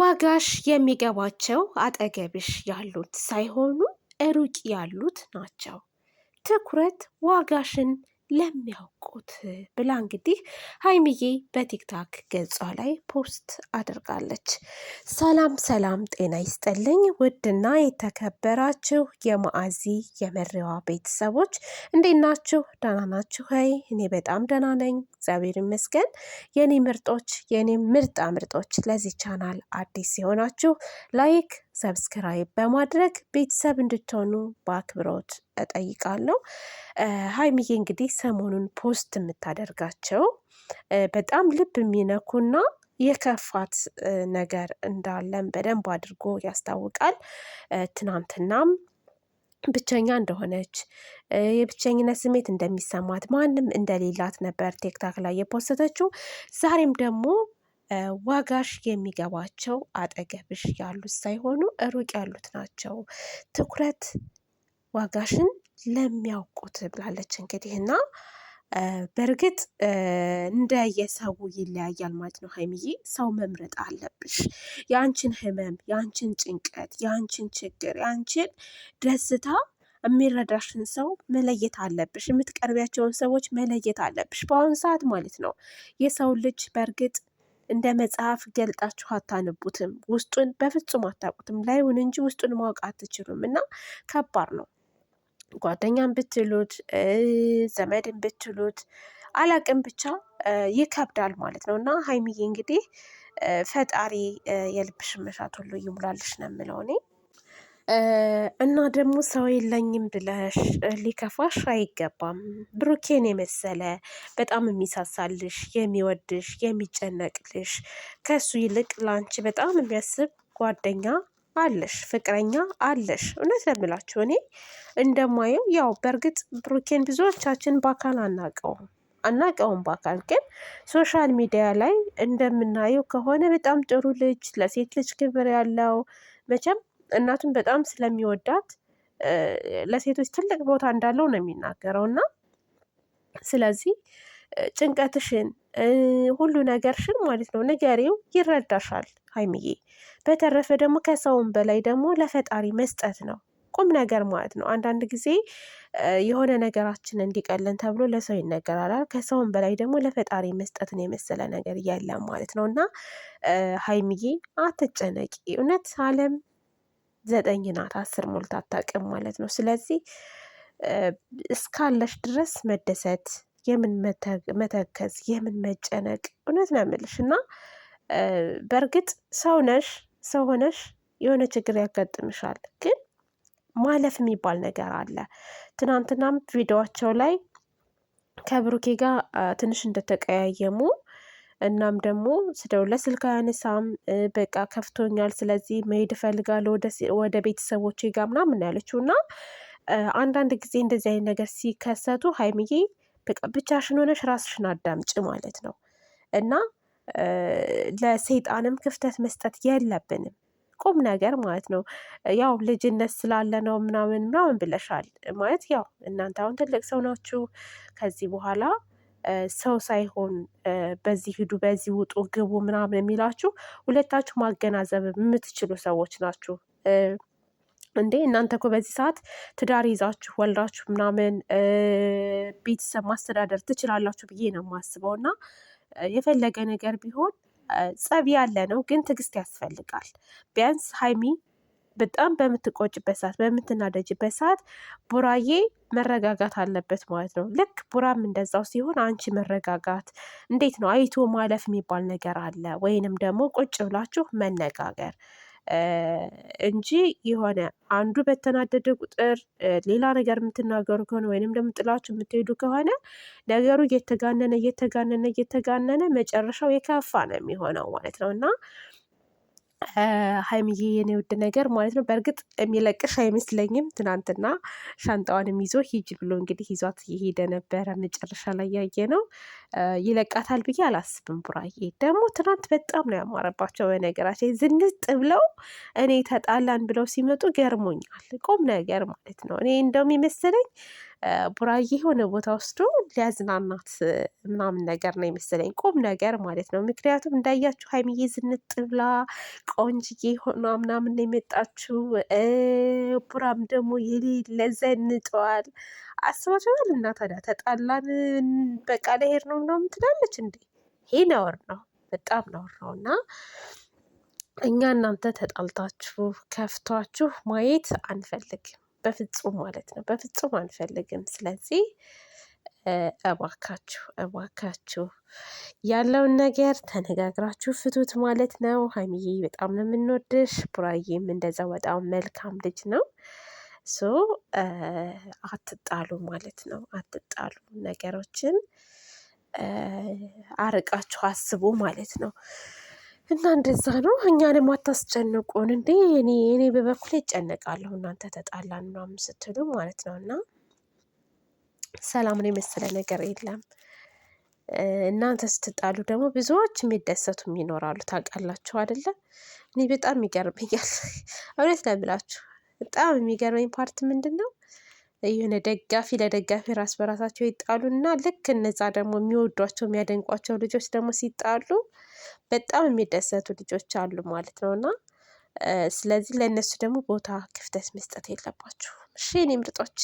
ዋጋሽ የሚገባቸው አጠገብሽ ያሉት ሳይሆኑ ሩቅ ያሉት ናቸው። ትኩረት ዋጋሽን ለሚያውቁት ብላ እንግዲህ ሀይሚዬ በቲክታክ ገጿ ላይ ፖስት አድርጋለች። ሰላም ሰላም፣ ጤና ይስጥልኝ ውድና የተከበራችሁ የማአዚ የመሪዋ ቤተሰቦች እንዴት ናችሁ? ደህና ናችሁ? ሀይ እኔ በጣም ደህና ነኝ፣ እግዚአብሔር ይመስገን። የኔ ምርጦች፣ የኔ ምርጣ ምርጦች፣ ለዚህ ቻናል አዲስ የሆናችሁ ላይክ ሰብስክራይብ በማድረግ ቤተሰብ እንድትሆኑ በአክብሮት እጠይቃለሁ። ሀይሚዬ እንግዲህ ሰሞኑን ፖስት የምታደርጋቸው በጣም ልብ የሚነኩና የከፋት ነገር እንዳለን በደንብ አድርጎ ያስታውቃል። ትናንትናም ብቸኛ እንደሆነች የብቸኝነት ስሜት እንደሚሰማት ማንም እንደሌላት ነበር ቴክታክ ላይ የፖስተችው። ዛሬም ደግሞ ዋጋሽ የሚገባቸው አጠገብሽ ያሉት ሳይሆኑ ሩቅ ያሉት ናቸው። ትኩረት ዋጋሽን ለሚያውቁት ብላለች እንግዲህ እና በእርግጥ እንደየሰው ይለያያል ማለት ነው። ሀይሚዬ ሰው መምረጥ አለብሽ። የአንችን ህመም፣ የአንችን ጭንቀት፣ የአንችን ችግር፣ የአንችን ደስታ የሚረዳሽን ሰው መለየት አለብሽ። የምትቀርቢያቸውን ሰዎች መለየት አለብሽ፣ በአሁኑ ሰዓት ማለት ነው። የሰው ልጅ በእርግጥ እንደ መጽሐፍ ገልጣችሁ አታነቡትም። ውስጡን በፍጹም አታውቁትም። ላዩን እንጂ ውስጡን ማወቅ አትችሉም እና ከባድ ነው። ጓደኛም ብትሉት ዘመድን ብትሉት አላቅም ብቻ ይከብዳል ማለት ነው እና ሀይሚዬ እንግዲህ ፈጣሪ የልብሽ መሻት ሁሉ ይሙላልሽ ነው የምለው እኔ። እና ደግሞ ሰው የለኝም ብለሽ ሊከፋሽ አይገባም። ብሩኬን የመሰለ በጣም የሚሳሳልሽ፣ የሚወድሽ፣ የሚጨነቅልሽ ከሱ ይልቅ ላንቺ በጣም የሚያስብ ጓደኛ አለሽ፣ ፍቅረኛ አለሽ። እውነት ለምላችሁ እኔ እንደማየው ያው በእርግጥ ብሩኬን ብዙዎቻችን በአካል አናውቀውም አናውቀውም በአካል ግን ሶሻል ሚዲያ ላይ እንደምናየው ከሆነ በጣም ጥሩ ልጅ፣ ለሴት ልጅ ክብር ያለው መቼም እናቱን በጣም ስለሚወዳት ለሴቶች ትልቅ ቦታ እንዳለው ነው የሚናገረው እና ስለዚህ ጭንቀትሽን ሁሉ ነገርሽን ማለት ነው ንገሪው፣ ይረዳሻል ሀይምዬ በተረፈ ደግሞ ከሰውም በላይ ደግሞ ለፈጣሪ መስጠት ነው ቁም ነገር ማለት ነው። አንዳንድ ጊዜ የሆነ ነገራችን እንዲቀለን ተብሎ ለሰው ይነገራላል። ከሰውም በላይ ደግሞ ለፈጣሪ መስጠትን የመሰለ ነገር የለም ማለት ነው እና ሀይምዬ አትጨነቂ። እውነት አለም ዘጠኝ ናት። አስር ሞልታ አታውቅም ማለት ነው። ስለዚህ እስካለሽ ድረስ መደሰት፣ የምን መተከዝ፣ የምን መጨነቅ። እውነት ነው የምልሽ እና በእርግጥ ሰው ነሽ ሰው ሆነሽ የሆነ ችግር ያጋጥምሻል፣ ግን ማለፍ የሚባል ነገር አለ። ትናንትናም ቪዲዮቸው ላይ ከብሩኬ ጋር ትንሽ እንደተቀያየሙ እናም ደግሞ ስደውልለት ስልክ አያነሳም። በቃ ከፍቶኛል፣ ስለዚህ መሄድ እፈልጋለሁ ወደ ቤተሰቦቼ ጋር ምናምን ያለችው እና አንዳንድ ጊዜ እንደዚህ አይነት ነገር ሲከሰቱ ሀይምዬ በቃ ብቻሽን ሆነሽ ራስሽን አዳምጪ ማለት ነው እና ለሰይጣንም ክፍተት መስጠት የለብንም። ቁም ነገር ማለት ነው። ያው ልጅነት ስላለ ነው ምናምን ምናምን ብለሻል ማለት ያው እናንተ አሁን ትልቅ ሰው ናችሁ። ከዚህ በኋላ ሰው ሳይሆን በዚህ ሂዱ፣ በዚህ ውጡ፣ ግቡ ምናምን የሚላችሁ ሁለታችሁ ማገናዘብ የምትችሉ ሰዎች ናችሁ። እንዴ እናንተ እኮ በዚህ ሰዓት ትዳር ይዛችሁ ወልዳችሁ ምናምን ቤተሰብ ማስተዳደር ትችላላችሁ ብዬ ነው የማስበው። እና የፈለገ ነገር ቢሆን ጸብ ያለ ነው፣ ግን ትዕግስት ያስፈልጋል። ቢያንስ ሀይሚ በጣም በምትቆጭበት ሰዓት፣ በምትናደጅበት ሰዓት ቡራዬ መረጋጋት አለበት ማለት ነው። ልክ ቡራም እንደዛው ሲሆን አንቺ መረጋጋት እንዴት ነው አይቶ ማለፍ የሚባል ነገር አለ ወይንም ደግሞ ቁጭ ብላችሁ መነጋገር እንጂ የሆነ አንዱ በተናደደ ቁጥር ሌላ ነገር የምትናገሩ ከሆነ ወይንም ደግሞ ጥላችሁ የምትሄዱ ከሆነ ነገሩ እየተጋነነ እየተጋነነ እየተጋነነ መጨረሻው የከፋ ነው የሚሆነው ማለት ነው እና ሀይምዬ የኔ ውድ ነገር ማለት ነው። በእርግጥ የሚለቅሽ አይመስለኝም። ትናንትና ሻንጣዋንም ይዞ ሂጅ ብሎ እንግዲህ ይዟት እየሄደ ነበረ። መጨረሻ ላይ ያየ ነው ይለቃታል ብዬ አላስብም። ቡራዬ ደግሞ ትናንት በጣም ነው ያማረባቸው። በነገራችን ዝንጥ ብለው እኔ ተጣላን ብለው ሲመጡ ገርሞኛል። ቁም ነገር ማለት ነው። እኔ እንደውም የመሰለኝ ቡራዬ የሆነ ቦታ ወስዶ ሊያዝናናት ምናምን ነገር ነው የመሰለኝ፣ ቁም ነገር ማለት ነው። ምክንያቱም እንዳያችሁ ሀይሚዬ ዝንጥ ብላ ቆንጅዬ ሆና ምናምን ነው የመጣችው። ቡራም ደግሞ የሌለ ዘንጠዋል። አስባችኋል? እና ታዲያ ተጣላን በቃ ለሄድ ነው ምናምን ትላለች እንዴ? ይሄ ነውር ነው፣ በጣም ነውር ነው እና እኛ እናንተ ተጣልታችሁ ከፍቷችሁ ማየት አንፈልግም። በፍጹም ማለት ነው። በፍጹም አንፈልግም። ስለዚህ እባካችሁ እባካችሁ ያለውን ነገር ተነጋግራችሁ ፍቱት ማለት ነው። ሀይሚዬ በጣም ነው የምንወድሽ። ቡራዬም እንደዛ በጣም መልካም ልጅ ነው። ሶ አትጣሉ ማለት ነው። አትጣሉ ነገሮችን አርቃችሁ አስቡ ማለት ነው። እና እንደዛ ነው። እኛንም አታስጨንቁን እንዴ! እኔ እኔ በበኩል ይጨነቃለሁ እናንተ ተጣላን ምናምን ስትሉ ማለት ነው። እና ሰላምን የመሰለ ነገር የለም። እናንተ ስትጣሉ ደግሞ ብዙዎች የሚደሰቱም ይኖራሉ። ታውቃላችሁ አይደለም። እኔ በጣም ይገርመኛል። እውነት ለምላችሁ በጣም የሚገርመኝ ፓርት ምንድን ነው? የሆነ ደጋፊ ለደጋፊ ራስ በራሳቸው እና ልክ እነዛ ደግሞ የሚወዷቸው የሚያደንቋቸው ልጆች ደግሞ ሲጣሉ በጣም የሚደሰቱ ልጆች አሉ ማለት ነው እና ስለዚህ ለእነሱ ደግሞ ቦታ ክፍተት መስጠት የለባችሁም። እሺ እኔ ምርጦች።